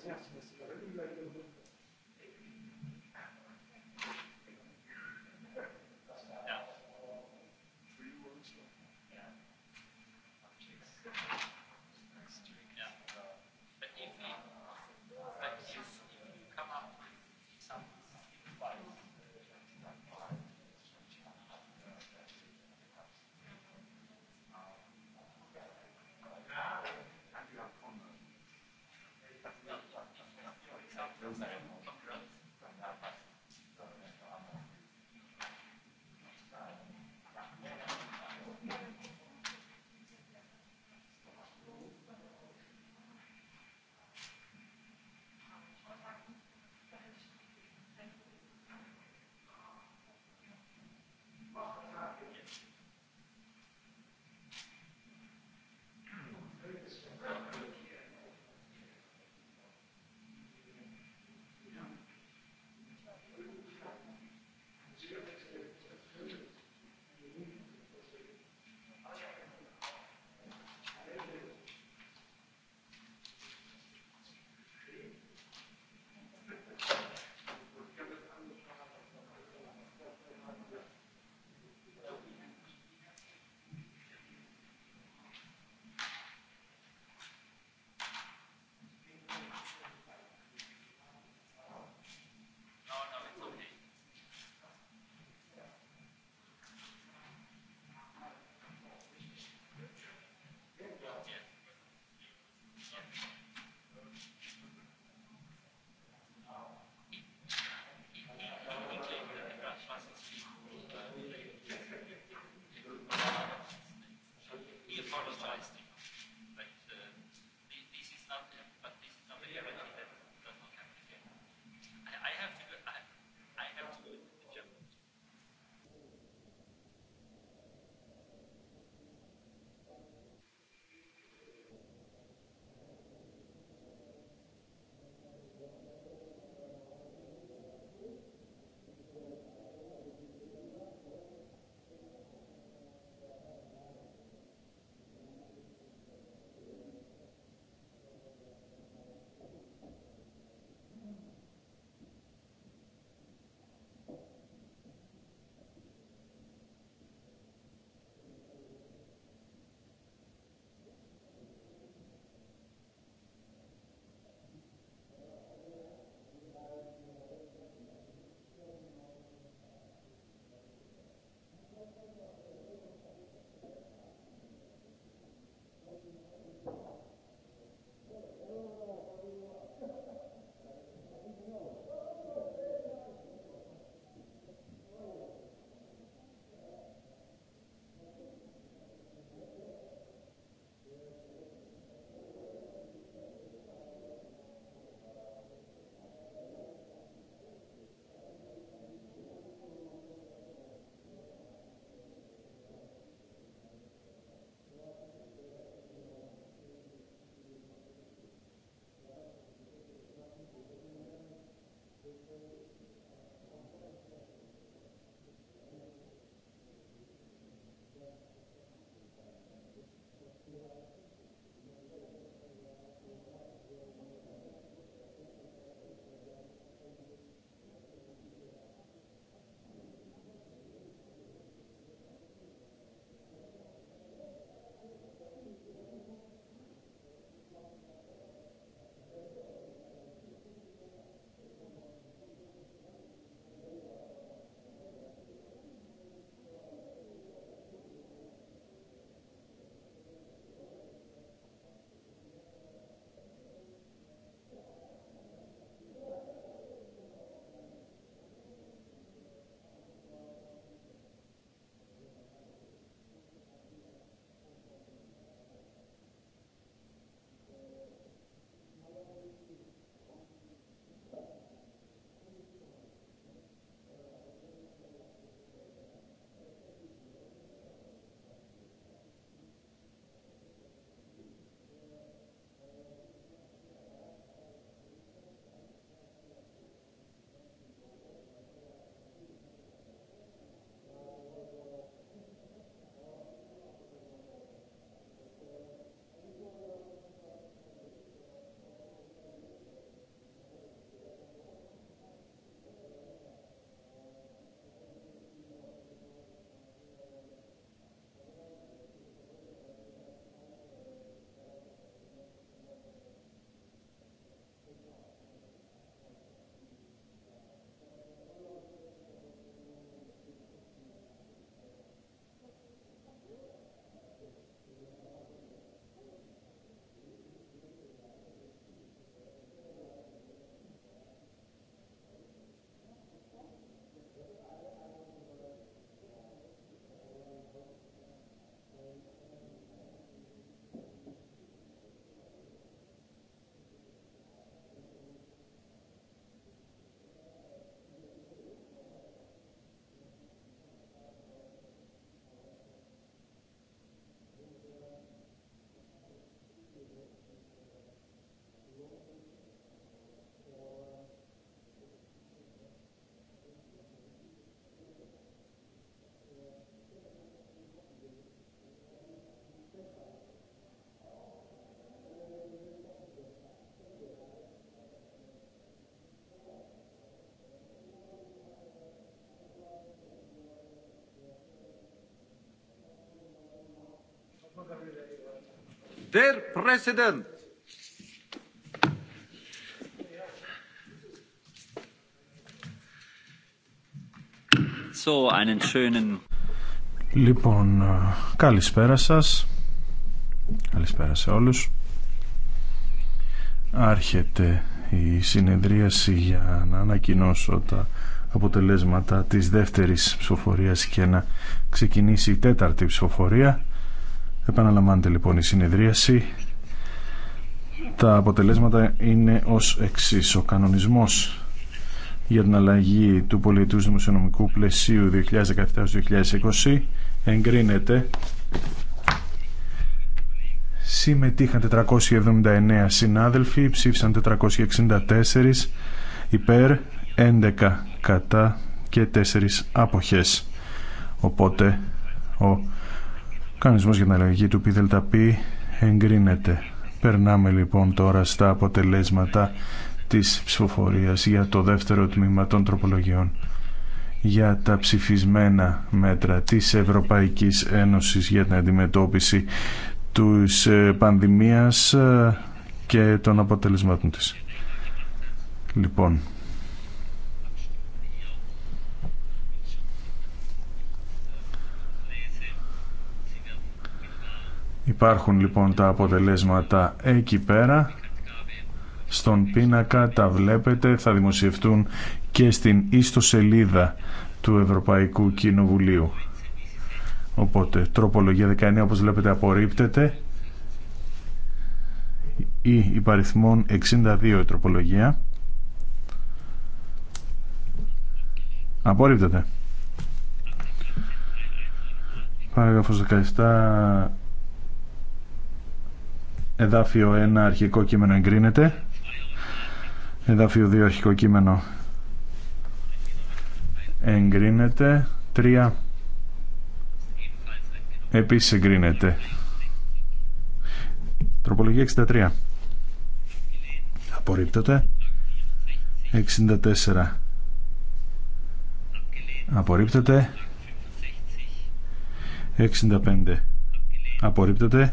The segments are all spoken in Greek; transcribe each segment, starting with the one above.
Ευχαριστώ. Λοιπόν, ε, καλησπέρα σας. Καλησπέρα σε όλους. Άρχεται η συνεδρίαση για να ανακοινώσω τα αποτελέσματα της δεύτερης ψηφοφορίας και να ξεκινήσει η τέταρτη ψηφοφορία Επαναλαμβάνεται λοιπόν η συνεδρίαση. Τα αποτελέσματα είναι ως εξής. Ο κανονισμός για την αλλαγή του πολιτού δημοσιονομικού πλαισίου 2017-2020 εγκρίνεται. Συμμετείχαν 479 συνάδελφοι, ψήφισαν 464 υπέρ, 11 κατά και 4 αποχές. Οπότε ο κανονισμός για την αλλαγή του ΠΔΠ εγκρίνεται. Περνάμε λοιπόν τώρα στα αποτελέσματα της ψηφοφορίας για το δεύτερο τμήμα των τροπολογιών για τα ψηφισμένα μέτρα της Ευρωπαϊκής Ένωσης για την αντιμετώπιση της ε, πανδημίας ε, και των αποτελεσμάτων της. Λοιπόν, Υπάρχουν λοιπόν τα αποτελέσματα εκεί πέρα. Στον πίνακα τα βλέπετε, θα δημοσιευτούν και στην ιστοσελίδα του Ευρωπαϊκού Κοινοβουλίου. Οπότε, τροπολογία 19, όπως βλέπετε, απορρίπτεται ή υπαριθμών 62 τροπολογία. Απορρίπτεται. Παράγραφος 17 Εδάφιο 1 αρχικό κείμενο εγκρίνεται. Εδάφιο 2 αρχικό κείμενο εγκρίνεται. 3 επίσης εγκρίνεται. Τροπολογία 63. Απορρίπτεται. 64. Απορρίπτεται. 65. Απορρίπτεται.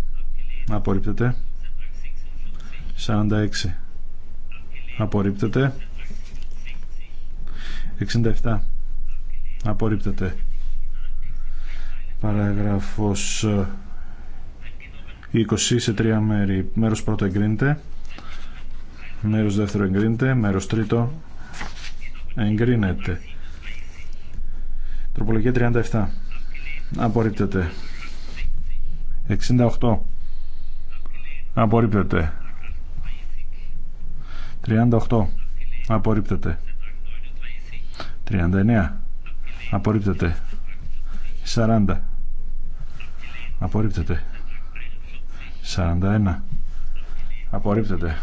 απορρίπτεται 46 απορρίπτεται 67 απορρίπτεται παράγραφος 20 ε, σε τρία μέρη μέρος πρώτο εγκρίνεται μέρος δεύτερο εγκρίνεται μέρος τρίτο εγκρίνεται τροπολογία 37 απορρίπτεται 68 Απορρίπτεται. 38. Απορρίπτεται. 39. Απορρίπτεται. 40. Απορρίπτεται. 41. Απορρίπτεται.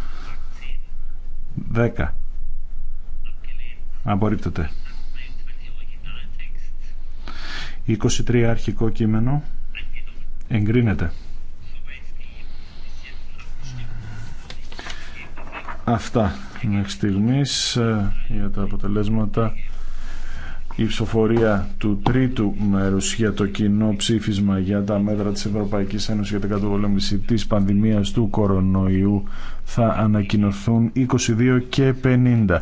10. Απορρίπτεται. 23 αρχικό κείμενο εγκρίνεται. Αυτά μέχρι στιγμής ε, για τα αποτελέσματα. Η ψηφοφορία του τρίτου μέρους για το κοινό ψήφισμα για τα μέτρα της Ευρωπαϊκής Ένωσης για την κατοβολέμηση της πανδημίας του κορονοϊού θα ανακοινωθούν 22 και 50.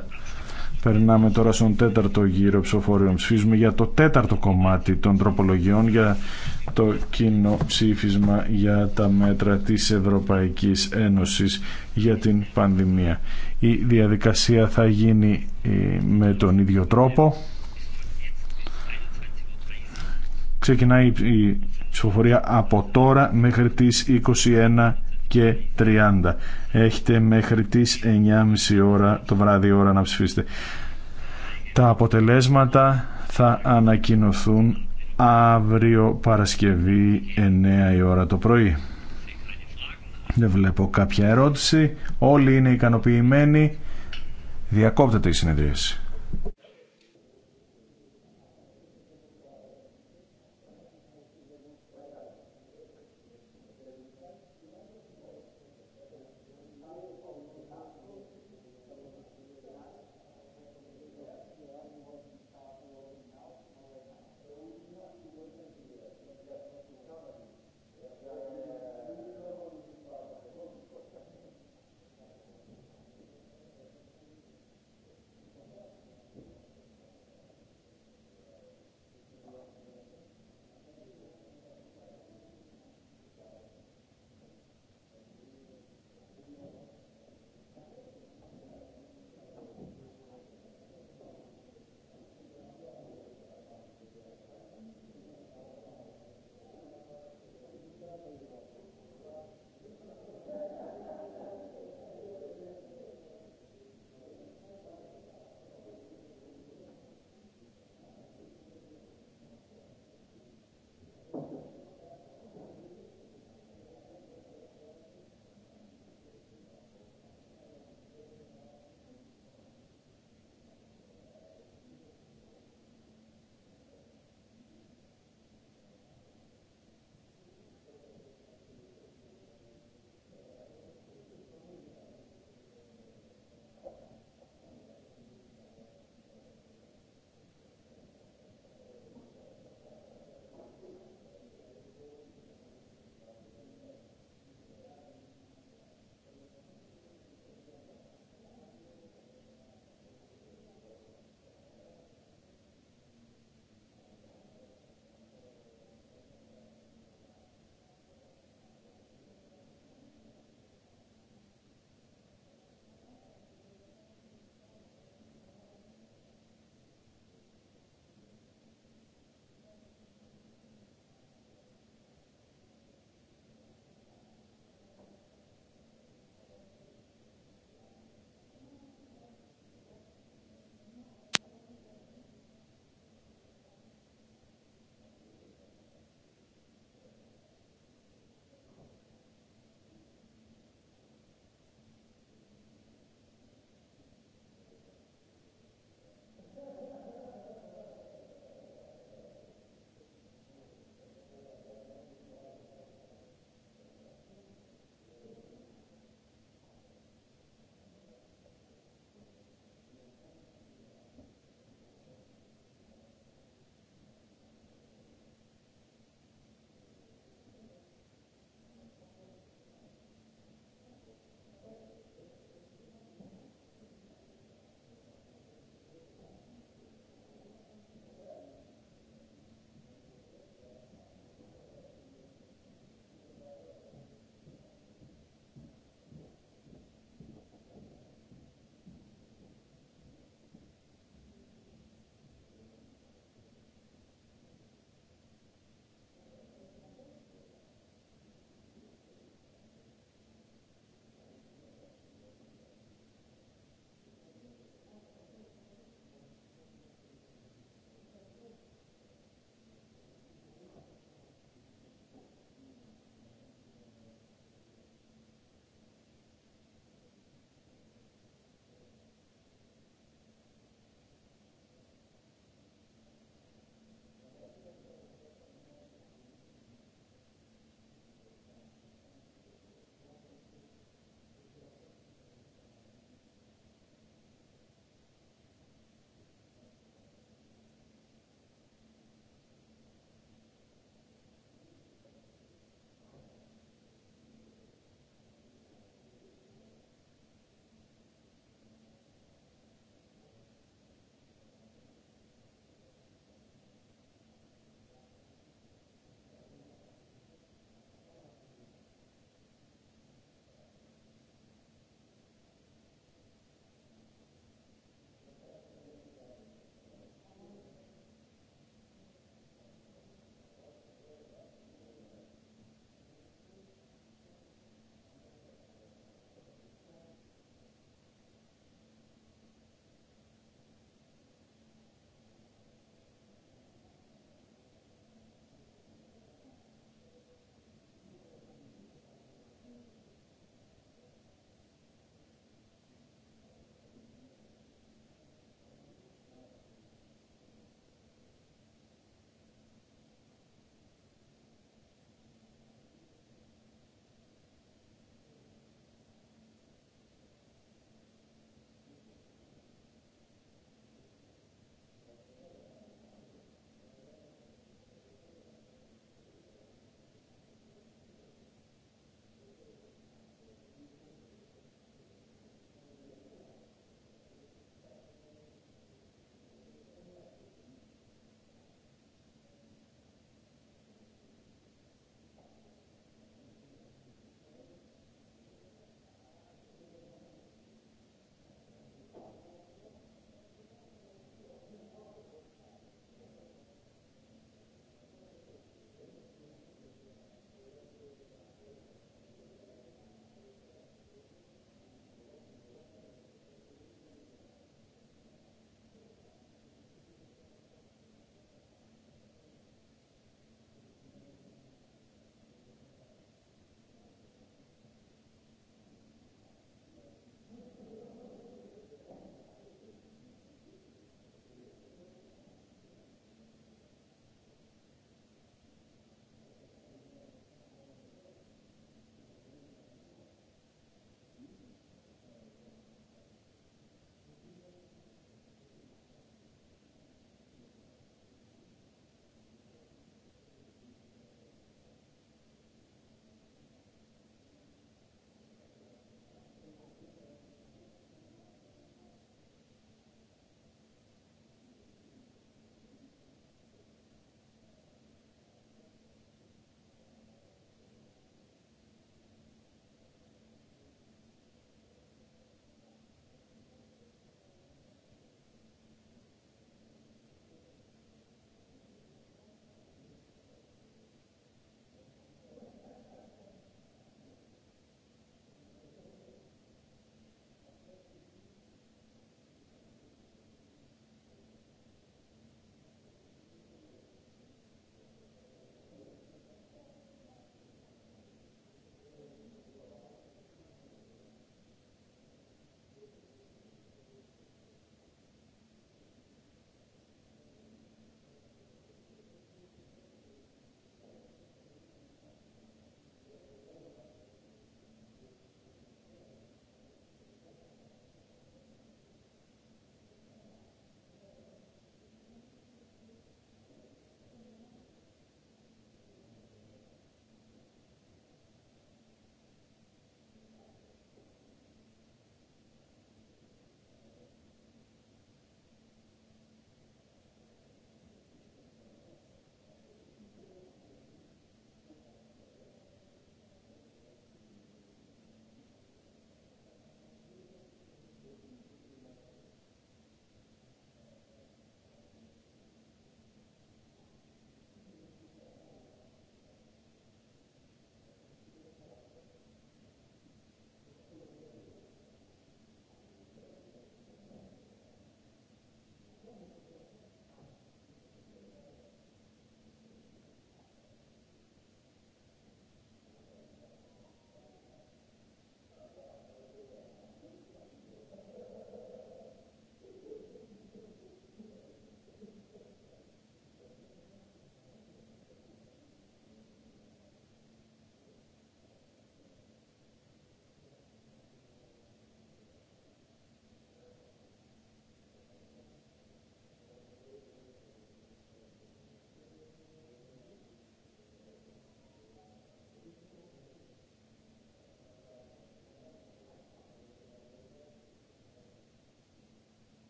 Περνάμε τώρα στον τέταρτο γύρο ψηφοφορίων. Ψηφίζουμε για το τέταρτο κομμάτι των τροπολογιών για το κοινό ψήφισμα για τα μέτρα της Ευρωπαϊκής Ένωσης για την πανδημία. Η διαδικασία θα γίνει ε, με τον ίδιο τρόπο. Ξεκινάει η ψηφοφορία από τώρα μέχρι τις 21 και 30. Έχετε μέχρι τις 9.30 ώρα το βράδυ ώρα να ψηφίσετε. Τα αποτελέσματα θα ανακοινωθούν αύριο Παρασκευή 9 η ώρα το πρωί. Δεν βλέπω κάποια ερώτηση. Όλοι είναι ικανοποιημένοι. Διακόπτεται η συνεδρίαση.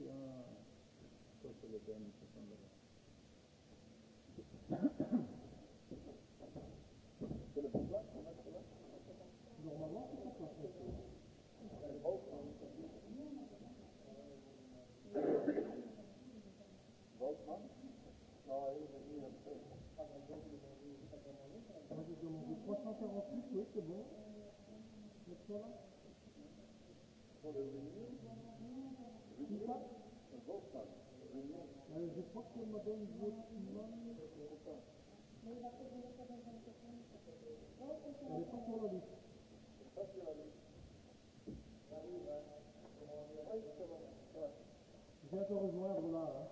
για τόσο λεπτά είναι το Thank you. Je vais te rejoindre là.